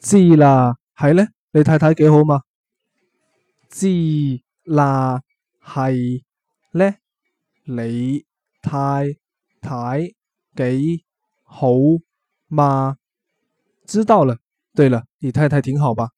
知啦，係咧，你太太幾好嘛？知啦，係咧，你太太幾好嘛？知道了，對了，你太太挺好吧。